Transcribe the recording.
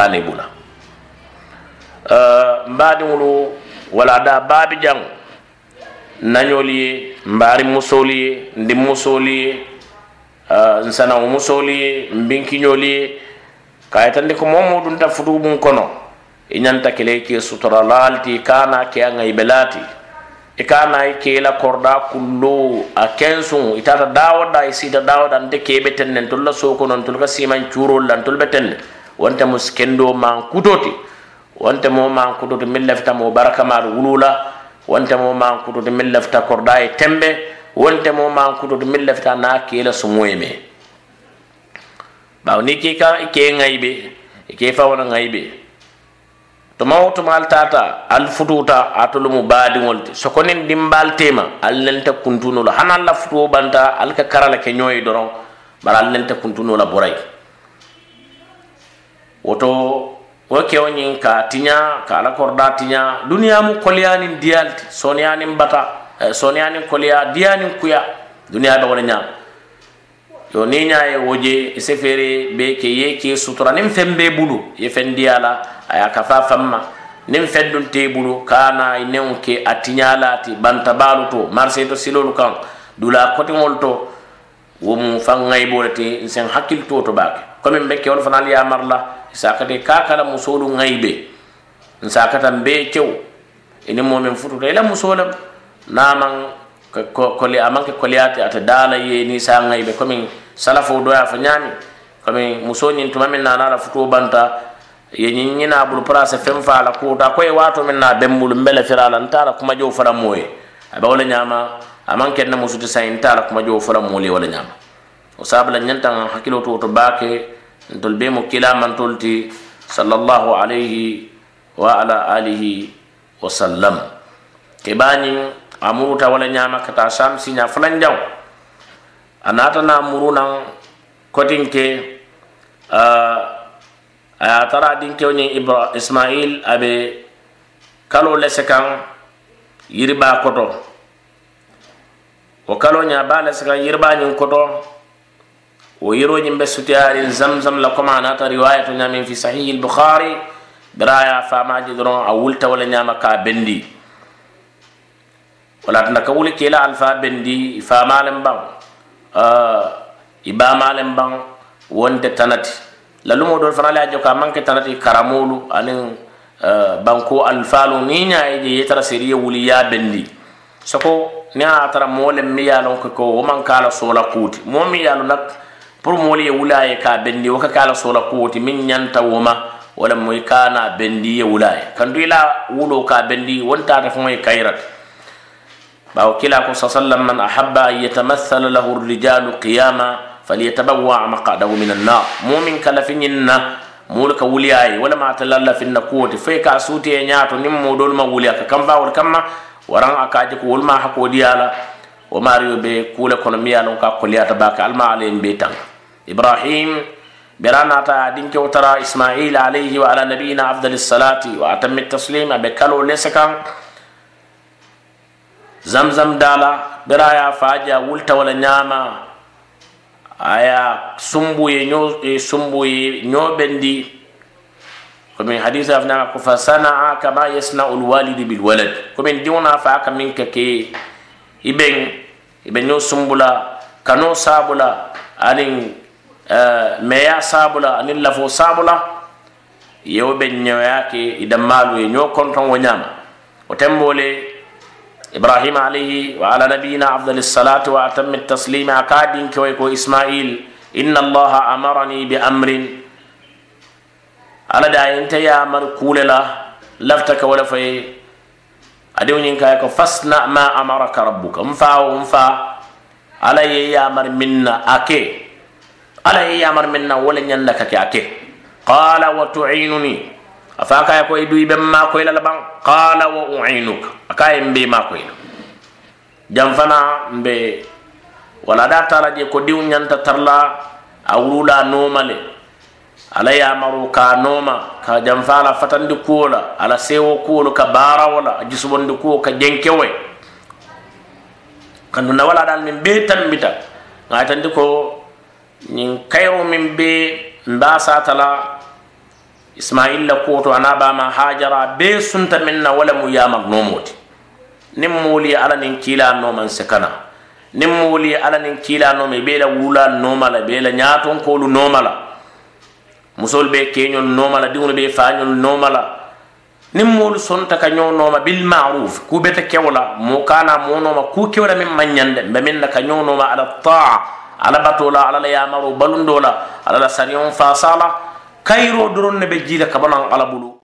kaani buna eh, mbaadiŋolu wala da baabi jaŋo nañoolu ye mbaari musoolu ye ndiŋ musoolu ye eh, nsanaŋo musoolu ye nbinkiñoolu ye ka yitandi ko moo moo dunta futubuŋ kono i ñanta kele i ke sutoralaalti i ka na ke aŋa i belaati i ka na i ke i la korodaa kullo a kensuŋo itaata daawo daa i siita daawo daa nte kee be teŋ ne ntolu la sookono ntolu ka siimaŋ cuuroolu la ntolu be teŋ ne wanta mu kendo man kutoti wanta mo man kutoti min lafta mo barakamaru wulula wanta mo man kutoti min lafta korda e tembe wanta mo man kutoti min lafta na kela sumoye me bawo ni ke ka ke ngaybe ke fa wona ngaybe tuma wo tuma al tata al fututa atolumu baadiŋol ti sokonin dimbal tema al lenta kuntunolu hana la futuwo banta al ka karala ke nyoy doron bara al lenta kuntunula boray woto wo kewoñin ka tiña ka alakorda tiña duniyamu koliyanin diyalti soniyanin bata eh, soniyanin koliya diyanin kuya duniya be wona ñama yo ni ñaye woje ise e feere be ke ye ke sutura nin fembe bulu ye fendiyala aya kafa famma nin feddun te bulu kana inen e ke atiñalati banta balu to marché to silolu kan dula kotiŋol to womu fan ŋaybole te nsen hakkil to to baake comme n be kewol fanal yamarla i e sakati kakala musolu ŋaybe n sakata n be kew e ini momin fututa ila musolem naman koli amanke koliyati ata dala ye ni sa ŋaybe comme salafo doya fo ñami comme muso ñin tuma min nana la futuo banta ye ñin ñina bulu place fen fa la kuta ko ye wato min na bembulu n bela firala n tara kumajo fola mo ye a bawola ñama amanke na musuti sa n tara kumajo fola mole wala ñama o sabla ñantan hakkilo to to baake ntol be mo kilamantol ti sallallahu alayhi wa ala alihi wa sallam kebanin amuruta wala ñama kata samsi ña falanjaw a natana murunan kotin ke a ya tara dinkewo ñin ismail abe kalo lese kan yiriba koto wo kalo ña ba lese kan yiriba ñin koto ويروجن تيار زمزم لكم عنات رواية من في صحيح البخاري برايا فما جدرون أولت ولا نعم كابندي ولا تنكول كلا ألفا بندي فما لم بان آه، إبا ما لم بان وانت تنتي للمو دول فنا لا جوكا منك تنتي كرامولو أنين آه، بانكو ألفالو نينا يجي يترى سيري وليا بندي سكو ni ترى tara moo le mi ye a lon ko wo pour moolu ye wulaa ye ka bendi wo ka ka la soola kuwo ti miŋ ñanta wo ma wo le moy ka na bendi ye wulaa ye kantu i la wulo ka bendi wontaata faŋo ye kayirata bawo kila ko sa sallam man ahaba an yatamathala lahu rijalu qiyama falyatabawa maqadahu min annar moo miŋ ka lafi ñiŋ na moolu ka wuliyaa ye wo le maata la lafinna kuwo ti fo ye ka suutiye ñaato niŋ moo doolu ma wuliya ka kam baawo le kamma waraŋ a ka je ko wolu maa hakoodiya la wo maario be kuu le kono miŋ ye a loŋ ka koliyaata baake alla ma ala yen bee taŋ ibrahim bera nata a dinkewo tara ismail alayhi wa ala nabiyina afdali salati wa atami taslim a be kalo lese kan zamzam dala bera ya faja wulta wala ñama aya sumbuye ño sumbuye ñoɓendi komin hadisa afna ko fa sanaa kama yasnau lwalidu bilwalad komin diwna fa ka min ka ke iben ibe ño sumbula kano sabula anin meya sabula aniŋ lafo sabula yewo be ñoya ke idammaalu ye konton wo ñama o tembole ibrahim alayhi wa ala nabiyina afdalis salatu wa atami taslimi a ka ko ismail inna allaha amarani bi amrin ala da yente yamar kule la lafta ka wala fay adew ñin kaye ko fasna ma amaraka rabbuka mfa fawo ala ye minna ake ala ye yamar min na wole ñanda kake a ke qala wa tuinuni a fa kaye ko idu ibe ma koy la laban qala wa uinuka a kaye mbe ma koy la jam fana mbe wala da tala je ko diw ñanta tarla a wula nomale ala yamaru ka noma ka jam fa la fatandi kuwo la ala sewo kuwo la ka baara wo la a jusubondi kuwo ka jenke way kanduna wala dal min be tambita ngaytandi ko ñiŋ kayiro miŋ be mba sata la ismail la kuwo to ana bama hajara bee sunta miŋ na wo lemu yamak noomo ti niŋ moolu ye alla niŋ kiila noomaŋ se kana niŋ moolu ye alla niŋ kiila nooma i be la wulaalu nooma la i be la ñaatonkoolu nooma la musolu be keñolu nooma la diŋolu be faañolu nooma la niŋ moolu sonta ka ñoo nooma bil maruf ku bete kewo la mo kana mo nooma ku kewo la miŋ maŋ ñande mbe miŋ na ka ñoo nooma ala taa ala batola ala la yamaro balundola ala la sariyon fasala kayiro doron ne be jila kabanan ala bulu